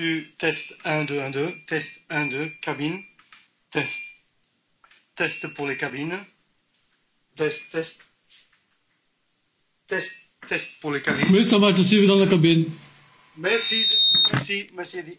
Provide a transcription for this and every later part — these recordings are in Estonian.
tu test 1, 2, 1, 2, test 1, 2, cabine, test. Test pour les cabines. Test, test. Test, test pour les cabines. Meestal maakt het zien we dan de cabine. Merci, merci, merci.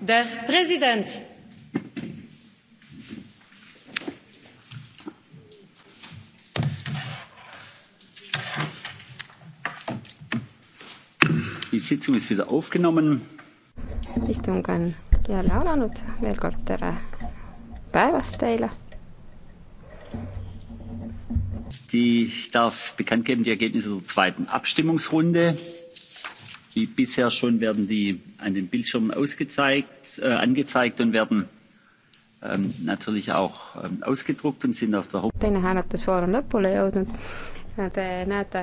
der präsident! istung on jälle alanud, veel kord tere päevast teile. Ich darf bekannt geben die Ergebnisse der zweiten Abstimmungsrunde wie bisher schon werden die an den bildschirmen äh, angezeigt und werden ähm, natürlich auch ähm, ausgedruckt und sind auf der teine hääletusvoor on lõpule jõudnud. Äh, te näete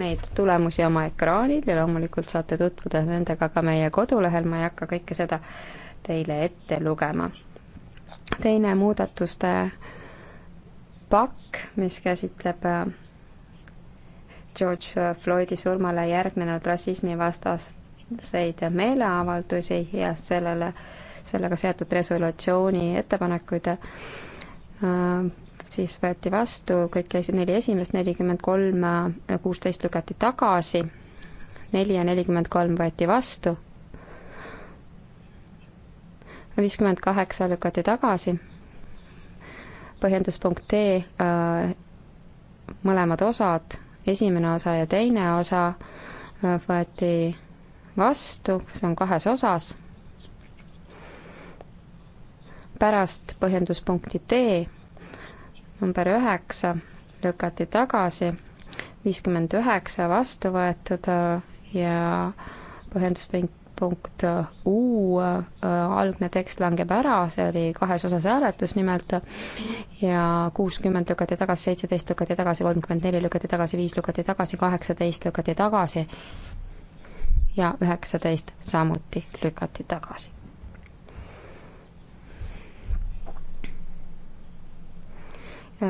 neid tulemusi oma ekraanil ja loomulikult saate tutvuda nendega ka meie kodulehel, ma ei hakka kõike seda teile ette lugema. teine muudatuste pakk, mis käsitleb äh, George Floydi surmale järgnenud rassismivastaseid meeleavaldusi ja sellele, sellega seotud resolutsiooni ettepanekuid äh, siis võeti vastu kõik neli esimest, nelikümmend kolm, äh, kuusteist lükati tagasi, neli ja nelikümmend kolm võeti vastu, viiskümmend kaheksa lükati tagasi, põhjenduspunkt D, äh, mõlemad osad esimene osa ja teine osa äh, võeti vastu, see on kahes osas. pärast põhjenduspunkti D number üheksa lükati tagasi, viiskümmend üheksa vastu võetud äh, ja põhjenduspunkt punkt U äh, algne tekst langeb ära, see oli kahes osas hääletus nimelt, ja kuuskümmend lükati tagasi, seitseteist lükati tagasi, kolmkümmend neli lükati tagasi, viis lükati tagasi, kaheksateist lükati tagasi ja üheksateist samuti lükati tagasi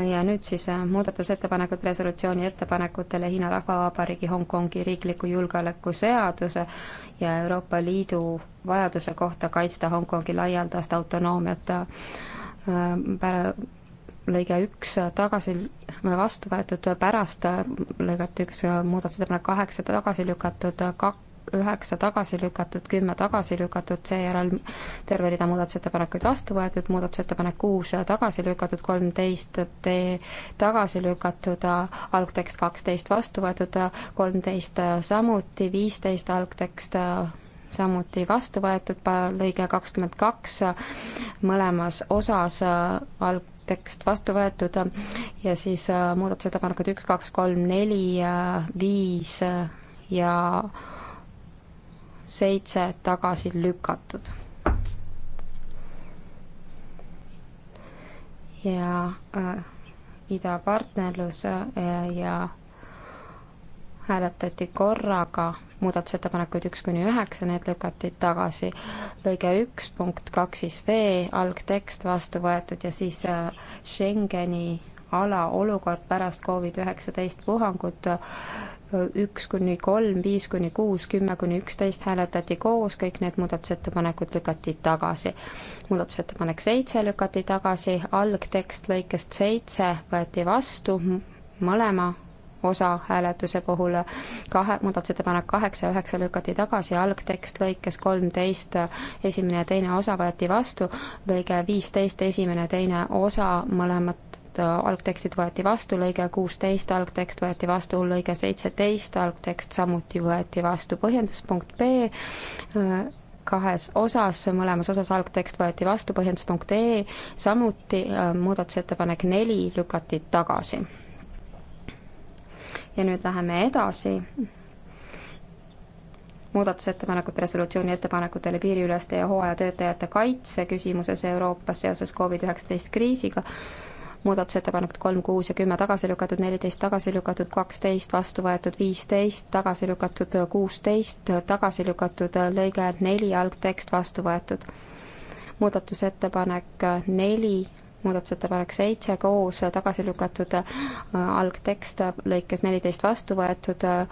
ja nüüd siis äh, muudatusettepanekud resolutsiooni ettepanekutele Hiina Rahvavabariigi Hongkongi riikliku julgeolekuseaduse ja Euroopa Liidu vajaduse kohta kaitsta Hongkongi laialdast autonoomiat äh, pära-, lõige üks äh, tagasi, vastu võetud pärast lõiget üks muudatusettepanek kaheksa tagasi lükatud kak-, üheksa tagasi lükatud, kümme tagasi lükatud, seejärel terve rida muudatusettepanekuid vastu võetud, muudatusettepanek kuus tagasi lükatud, kolmteist tagasi lükatud, algtekst kaksteist vastu võetud, kolmteist samuti, viisteist algtekst samuti vastu võetud, lõige kakskümmend kaks mõlemas osas alg-, tekst vastu võetud ja siis muudatusettepanekud üks, kaks, kolm, neli, viis ja seitse tagasi lükatud. ja äh, idapartnerlus äh, ja hääletati korraga muudatusettepanekuid üks kuni üheksa, need lükati tagasi. lõige üks punkt kaks siis V, algtekst vastu võetud ja siis äh, Schengeni ala olukord pärast Covid-19 puhangut. üks kuni kolm, viis kuni kuus, kümme kuni üksteist hääletati koos, kõik need muudatusettepanekud lükati tagasi. muudatusettepanek seitse lükati tagasi, algtekst lõikest seitse võeti vastu mõlema osa hääletuse puhul kahe, muudatusettepanek kaheksa ja üheksa lükati tagasi, algtekst lõikes kolmteist esimene ja teine osa võeti vastu, lõige viisteist esimene ja teine osa mõlemat muudetud, äh, algtekstid võeti vastu, lõige kuusteist, algtekst võeti vastu, lõige seitseteist, algtekst samuti võeti vastu, põhjenduspunkt B äh, kahes osas, mõlemas osas algtekst võeti vastu, põhjendus.ee e., samuti äh, muudatusettepanek neli lükati tagasi. ja nüüd läheme edasi muudatusettepanekute resolutsiooni ettepanekutele piiriüleste ja hooajatöötajate kaitse küsimuses Euroopas seoses Covid-19 kriisiga muudatusettepanekud kolm, kuus ja kümme tagasi lükatud, neliteist tagasi lükatud, kaksteist vastu võetud, viisteist tagasi lükatud, kuusteist tagasi lükatud, lõige neli algtekst vastu võetud. muudatusettepanek neli, muudatusettepanek seitse koos tagasi lükatud, äh, algtekst lõikes neliteist vastu võetud, äh,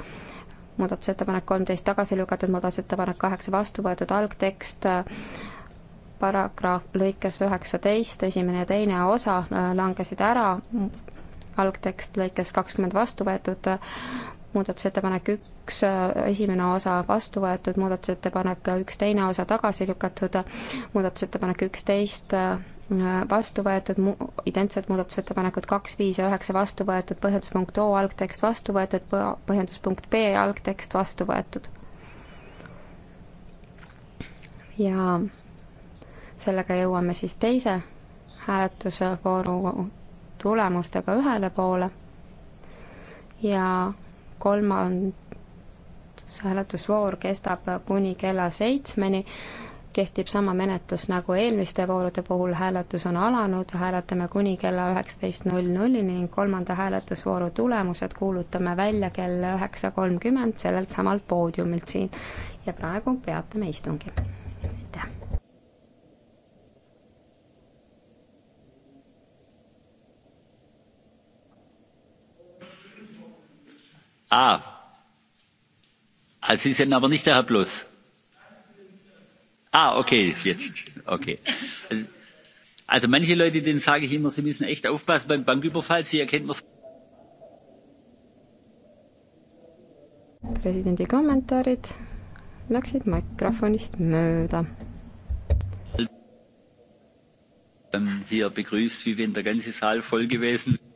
muudatusettepanek kolmteist tagasi lükatud, muudatusettepanek kaheksa vastu võetud, algtekst äh, paragrahv lõikes üheksateist esimene ja teine osa äh, langesid ära, algtekst lõikes kakskümmend vastu võetud, muudatusettepanek üks, äh, esimene osa vastu võetud, muudatusettepanek üks, teine osa tagasi lükatud, muudatusettepanek üksteist äh, vastu võetud mu-, identsed muudatusettepanekud kaks, viis ja üheksa vastu võetud, põhjenduspunkt O algtekst vastu võetud, põhjenduspunkt B algtekst vastu võetud. ja sellega jõuame siis teise hääletusvooru tulemustega ühele poole ja kolmas hääletusvoor kestab kuni kella seitsmeni. kehtib sama menetlus nagu eelmiste voorude puhul, hääletus on alanud, hääletame kuni kella üheksateist null nullini ning kolmanda hääletusvooru tulemused kuulutame välja kell üheksa kolmkümmend sellelt samalt poodiumilt siin. ja praegu peatame istungi. Ah. ah, Sie sind aber nicht der Herr Plus. Ah, okay, jetzt. Okay. Also, also manche Leute, denen sage ich immer, sie müssen echt aufpassen beim Banküberfall. Sie erkennt man. presidendi kommentaarid läksid mikrofonist mööda. Ähm, hier begrüßt, wie wenn der ganze Saal voll gewesen wäre.